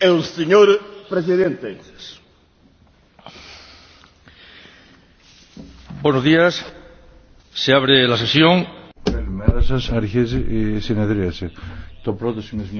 El señor presidente. Buenos días. Se abre la sesión. Καλημέρα σας. Αρχίζει η συνεδρίαση. Το